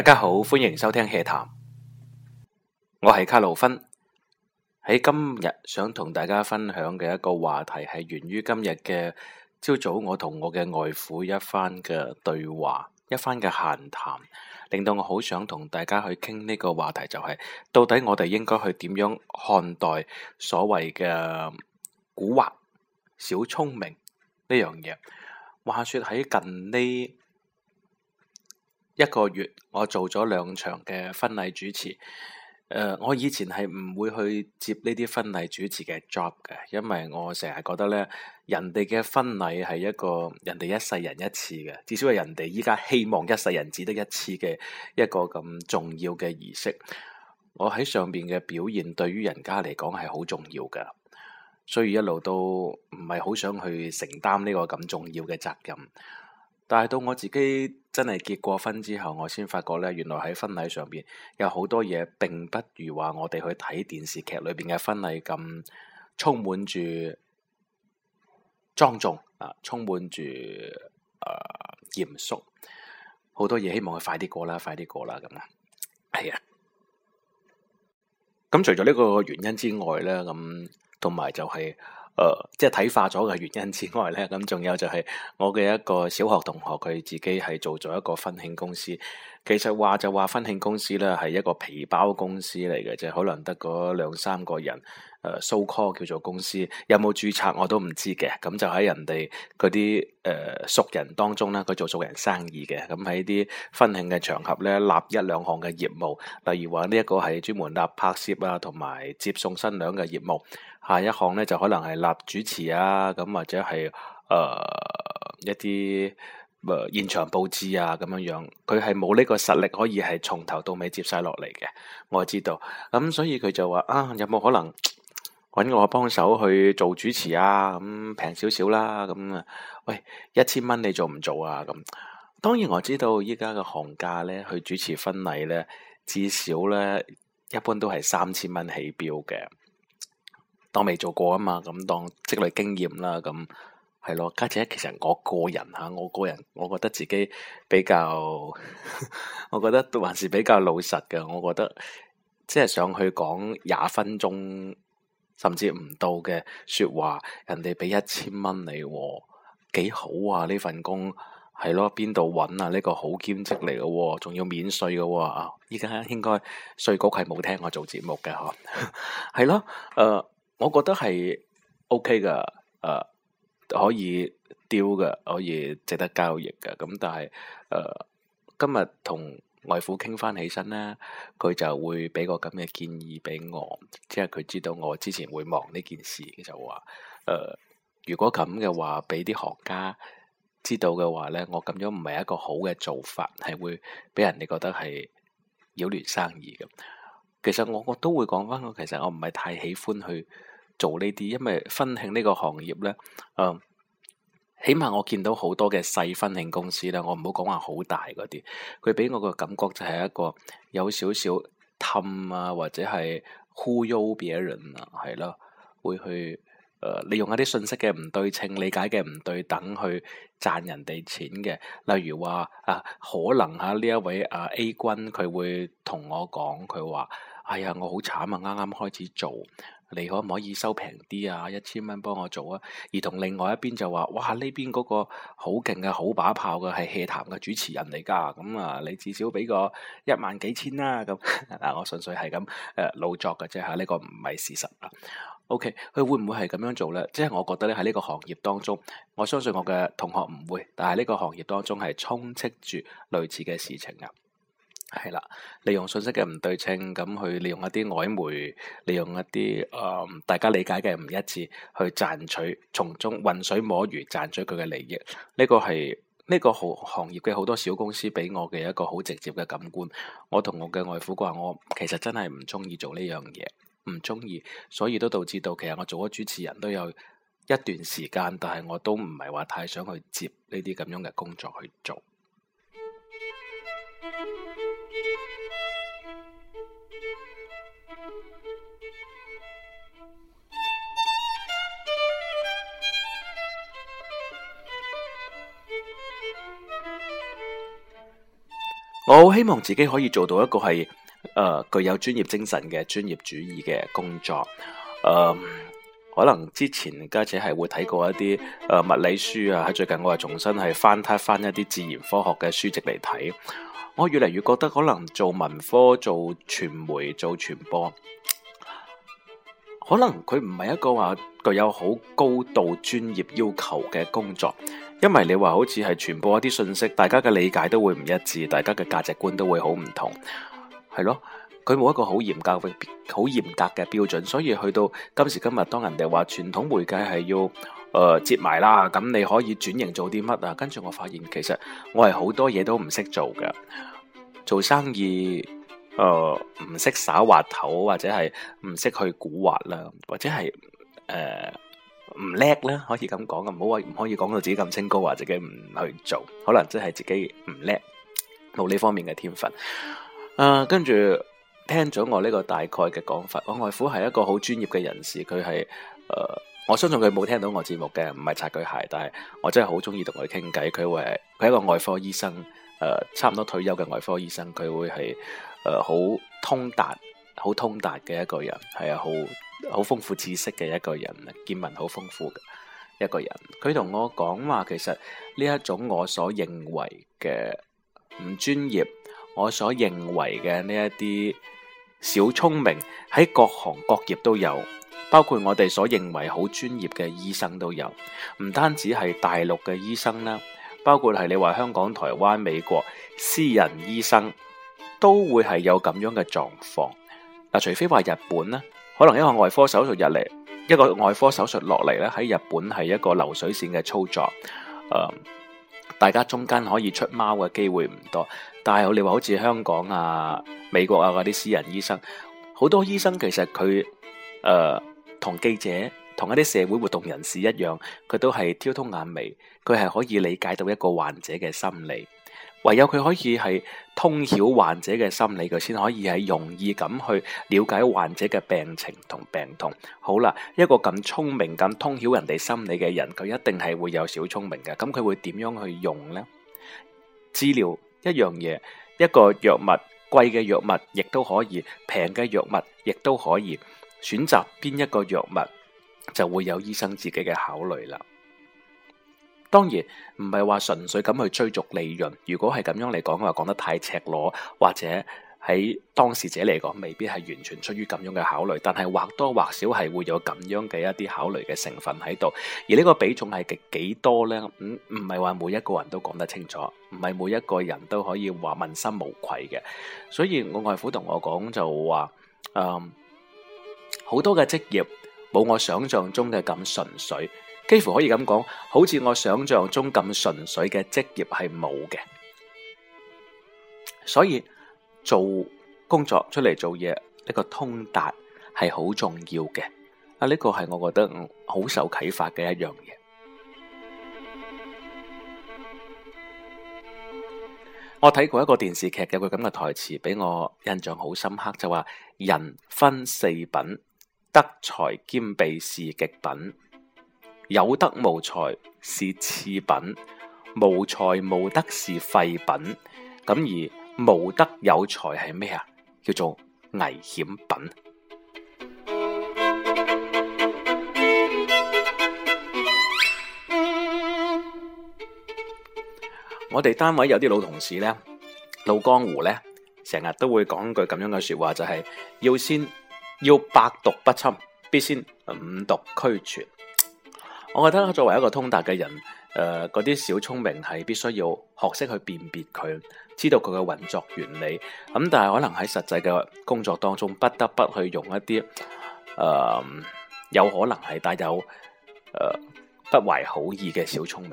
大家好，歡迎收聽《氣談》我，我係卡路芬喺今日想同大家分享嘅一個話題，係源於今日嘅朝早，我同我嘅外父一番嘅對話，一番嘅閒談，令到我好想同大家去傾呢個話題、就是，就係到底我哋應該去點樣看待所謂嘅古惑、小聰明呢樣嘢？話說喺近呢？一個月，我做咗兩場嘅婚禮主持。誒、呃，我以前係唔會去接呢啲婚禮主持嘅 job 嘅，因為我成日覺得咧，人哋嘅婚禮係一個人哋一世人一次嘅，至少係人哋依家希望一世人只得一次嘅一個咁重要嘅儀式。我喺上邊嘅表現對於人家嚟講係好重要嘅，所以一路都唔係好想去承擔呢個咁重要嘅責任。但係到我自己真係結過婚之後，我先發覺咧，原來喺婚禮上邊有好多嘢，並不如話我哋去睇電視劇裏邊嘅婚禮咁充滿住莊重啊，充滿住誒、呃、嚴肅，好多嘢希望佢快啲過啦，快啲過啦咁啊，係啊。咁除咗呢個原因之外咧，咁同埋就係、是。誒、呃，即係體化睇化咗嘅原因之外呢，咁仲有就係我嘅一個小學同學，佢自己係做咗一個婚慶公司。其實話就話婚慶公司呢係一個皮包公司嚟嘅啫，可能得嗰兩三個人。誒，so call 叫做公司有冇註冊我都唔知嘅。咁就喺人哋嗰啲誒熟人當中咧，佢做熟人生意嘅。咁喺啲婚慶嘅場合咧，立一兩項嘅業務，例如話呢一個係專門立拍攝啊，同埋接送新娘嘅業務。下一項咧就可能係立主持啊，咁或者係誒、呃、一啲誒、呃、現場布置啊，咁樣樣。佢係冇呢個實力可以係從頭到尾接晒落嚟嘅。我知道咁，所以佢就話啊，有冇可能？搵我幫手去做主持啊，咁平少少啦，咁喂，一千蚊你做唔做啊？咁當然我知道依家嘅行價咧，去主持婚禮咧，至少咧，一般都係三千蚊起標嘅。當未做過啊嘛，咁當積累經驗啦，咁係咯。家姐，其實我個人吓，我個人我覺得自己比較， 我覺得都還是比較老實嘅。我覺得即係上去講廿分鐘。甚至唔到嘅説話，人哋畀一千蚊你，幾好啊？呢份工係咯，邊度揾啊？呢、這個好兼職嚟嘅喎，仲要免稅嘅喎。依家應該稅局係冇聽我做節目嘅呵,呵。係咯，誒、呃，我覺得係 OK 嘅，誒、呃，可以丟嘅，可以值得交易嘅。咁但係誒、呃，今日同。外父傾翻起身啦，佢就會俾個咁嘅建議俾我，即係佢知道我之前會忙呢件事，佢就話，誒、呃，如果咁嘅話，俾啲行家知道嘅話咧，我咁樣唔係一個好嘅做法，係會俾人哋覺得係擾亂生意嘅。其實我我都會講翻，我其實我唔係太喜歡去做呢啲，因為婚慶呢個行業咧，嗯、呃。起碼我見到好多嘅細分領公司啦，我唔好講話好大嗰啲，佢俾我個感覺就係一個有少少氹啊，或者係忽悠別人啊，係咯，會去誒利、呃、用一啲信息嘅唔對稱、理解嘅唔對等去賺人哋錢嘅。例如話啊，可能嚇、啊、呢一位啊 A 君佢會同我講佢話。他說哎呀，我好慘啊！啱啱開始做，你可唔可以收平啲啊？一千蚊幫我做啊！而同另外一邊就話，哇，呢邊嗰個好勁嘅好把炮嘅係戲壇嘅主持人嚟噶，咁、嗯、啊你至少俾個一萬幾千啦咁。嗱，我純粹係咁誒老作嘅，啫。係呢個唔係事實啊。OK，佢會唔會係咁樣做呢？即係我覺得咧，喺呢個行業當中，我相信我嘅同學唔會，但係呢個行業當中係充斥住類似嘅事情啊。係啦，利用信息嘅唔對稱，咁去利用一啲曖昧，利用一啲誒、呃、大家理解嘅唔一致，去賺取從中渾水摸魚賺取佢嘅利益。呢個係呢個行行業嘅好多小公司俾我嘅一個好直接嘅感官。我同我嘅外父講話，我其實真係唔中意做呢樣嘢，唔中意，所以都導致到其實我做咗主持人，都有一段時間，但係我都唔係話太想去接呢啲咁樣嘅工作去做。我好希望自己可以做到一個係誒、呃，具有專業精神嘅專業主義嘅工作。誒、呃，可能之前家姐係會睇過一啲誒、呃、物理書啊，喺最近我又重新係翻翻一啲自然科學嘅書籍嚟睇，我越嚟越覺得可能做文科、做傳媒、做傳播，可能佢唔係一個話、啊、具有好高度專業要求嘅工作。因為你話好似係傳播一啲信息，大家嘅理解都會唔一致，大家嘅價值觀都會好唔同，係咯，佢冇一個好嚴格嘅好嚴格嘅標準，所以去到今時今日，當人哋話傳統媒介係要誒、呃、接埋啦，咁你可以轉型做啲乜啊？跟住我發現其實我係好多嘢都唔識做嘅，做生意誒唔識耍滑頭或者係唔識去蠱惑啦，或者係誒。或者是呃唔叻啦，可以咁講啊，唔好話唔可以講到自己咁清高，話自己唔去做，可能真係自己唔叻，冇呢方面嘅天分。啊、呃，跟住聽咗我呢個大概嘅講法，我外父係一個好專業嘅人士，佢係誒，我相信佢冇聽到我節目嘅，唔係擦佢鞋，但係我真係好中意同佢傾偈，佢會佢係一個外科醫生，誒、呃，差唔多退休嘅外科醫生，佢會係誒好通達，好通達嘅一個人，係啊，好。好豐富知識嘅一個人，見聞好豐富嘅一個人。佢同我講話，其實呢一種我所認為嘅唔專業，我所認為嘅呢一啲小聰明喺各行各業都有，包括我哋所認為好專業嘅醫生都有，唔單止係大陸嘅醫生啦，包括係你話香港、台灣、美國私人醫生都會係有咁樣嘅狀況。嗱，除非話日本呢，可能一個外科手術入嚟，一個外科手術落嚟咧，喺日本係一個流水線嘅操作。誒，大家中間可以出貓嘅機會唔多，但係你話好似香港啊、美國啊嗰啲私人醫生，好多醫生其實佢誒同記者同一啲社會活動人士一樣，佢都係挑通眼眉，佢係可以理解到一個患者嘅心理。唯有佢可以係通曉患者嘅心理，佢先可以係容易咁去了解患者嘅病情同病痛。好啦，一個咁聰明、咁通曉人哋心理嘅人，佢一定係會有小聰明嘅。咁佢會點樣去用呢？治療一樣嘢，一個藥物，貴嘅藥物亦都可以，平嘅藥物亦都可以。選擇邊一個藥物，就會有醫生自己嘅考慮啦。當然唔係話純粹咁去追逐利潤。如果係咁樣嚟講嘅話，講得太赤裸，或者喺當事者嚟講，未必係完全出於咁樣嘅考慮。但係或多或少係會有咁樣嘅一啲考慮嘅成分喺度。而呢個比重係幾多呢？唔，唔係話每一個人都講得清楚，唔係每一個人都可以話問心無愧嘅。所以我外父同我講就話，誒、嗯，好多嘅職業冇我想象中嘅咁純粹。幾乎可以咁講，好似我想象中咁純粹嘅職業係冇嘅，所以做工作出嚟做嘢，一個通達係好重要嘅。啊，呢個係我覺得好受啟發嘅一樣嘢。我睇過一個電視劇，嘅佢咁嘅台詞俾我印象好深刻，就話人分四品，德才兼備是極品。有德無才是次品，無才無德是廢品，咁而無德有才係咩啊？叫做危險品。 我哋單位有啲老同事咧，老江湖咧，成日都會講句咁樣嘅説話，就係、是、要先要百毒不侵，必先五毒俱全。我覺得作為一個通達嘅人，誒、呃，嗰啲小聰明係必須要學識去辨別佢，知道佢嘅運作原理。咁、嗯、但係可能喺實際嘅工作當中，不得不去用一啲誒、呃，有可能係帶有誒、呃、不懷好意嘅小聰明。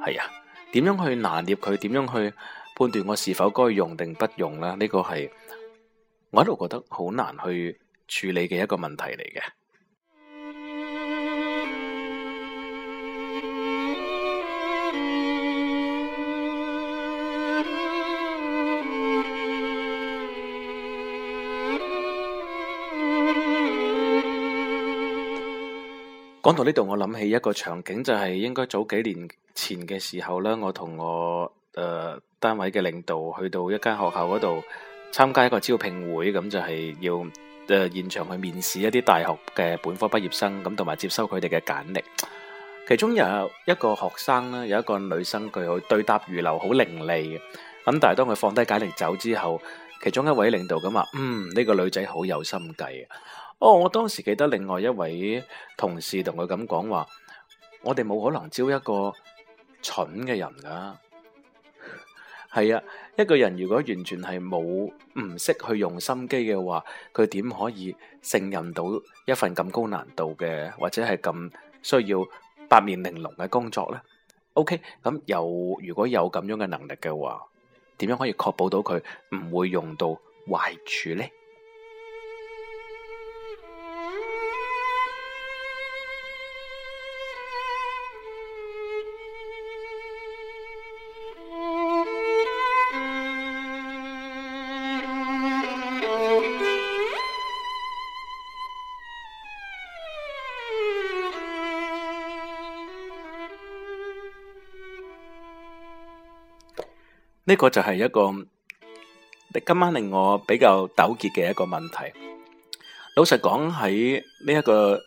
係啊，點樣去拿捏佢？點樣去判斷我是否該用定不用呢？呢、這個係我一路覺得好難去處理嘅一個問題嚟嘅。講到呢度，我諗起一個場景，就係應該早幾年前嘅時候咧，我同我誒單位嘅領導去到一間學校嗰度參加一個招聘會，咁就係要誒現場去面試一啲大學嘅本科畢業生，咁同埋接收佢哋嘅簡歷。其中有一個學生咧，有一個女生佢對答如流，好伶俐嘅。咁但係當佢放低簡歷走之後，其中一位領導咁話：嗯，呢個女仔好有心計啊！哦、oh，我當時記得另外一位同事同佢咁講話我哋冇可能招一個蠢嘅人噶、啊。係啊，一個人如果完全係冇唔識去用心機嘅話，佢點可以勝任到一份咁高難度嘅或者係咁需要八面玲瓏嘅工作呢？OK，咁有如果有咁樣嘅能力嘅話，點樣可以確保到佢唔會用到壞處呢？」呢、呢個就係一個，今晚令我比較糾結嘅一個問題。老實講喺呢一個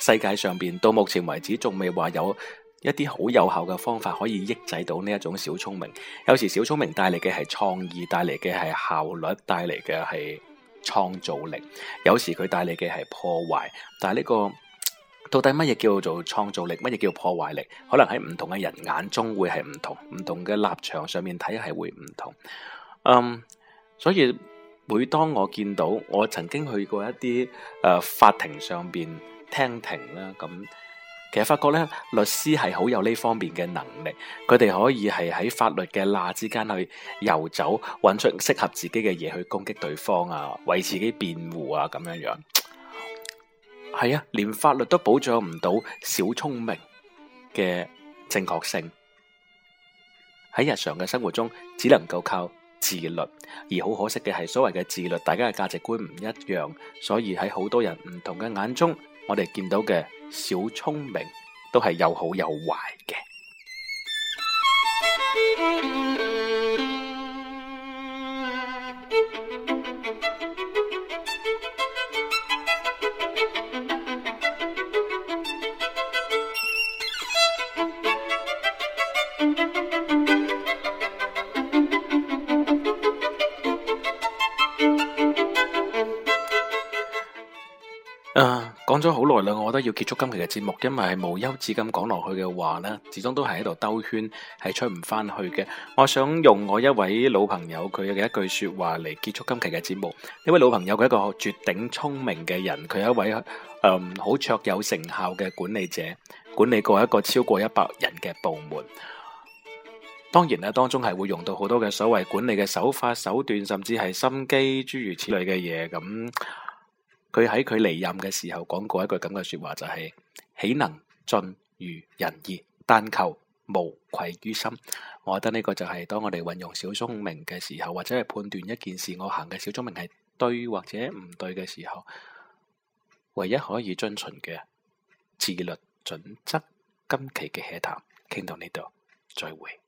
世界上邊，到目前為止仲未話有一啲好有效嘅方法可以抑制到呢一種小聰明。有時小聰明帶嚟嘅係創意，帶嚟嘅係效率，帶嚟嘅係創造力。有時佢帶嚟嘅係破壞，但係、呢、呢個。到底乜嘢叫做創造力，乜嘢叫做破壞力？可能喺唔同嘅人眼中，會係唔同，唔同嘅立場上面睇，係會唔同。嗯，所以每當我見到，我曾經去過一啲誒、呃、法庭上邊聽庭啦，咁其實發覺呢，律師係好有呢方面嘅能力，佢哋可以係喺法律嘅罅之間去遊走，揾出適合自己嘅嘢去攻擊對方啊，為自己辯護啊，咁樣樣。係啊，連法律都保障唔到小聰明嘅正確性。喺日常嘅生活中，只能夠靠自律。而好可惜嘅係，所謂嘅自律，大家嘅價值觀唔一樣，所以喺好多人唔同嘅眼中，我哋見到嘅小聰明都係有好有壞嘅。誒，講咗好耐啦，我覺得要結束今期嘅節目，因為係無休止咁講落去嘅話咧，始終都係喺度兜圈，係出唔翻去嘅。我想用我一位老朋友佢嘅一句說話嚟結束今期嘅節目。呢位老朋友佢係一個絕頂聰明嘅人，佢係一位誒好、嗯、卓有成效嘅管理者，管理過一個超過一百人嘅部門。當然咧，當中係會用到好多嘅所謂管理嘅手法、手段，甚至係心機諸如此類嘅嘢咁。佢喺佢離任嘅時候講過一句咁嘅說話，就係豈能盡如人意，但求無愧於心。我覺得呢個就係當我哋運用小聰明嘅時候，或者係判斷一件事我行嘅小聰明係對或者唔對嘅時候，唯一可以遵循嘅自律準則。今期嘅喜談，傾到呢度，再會。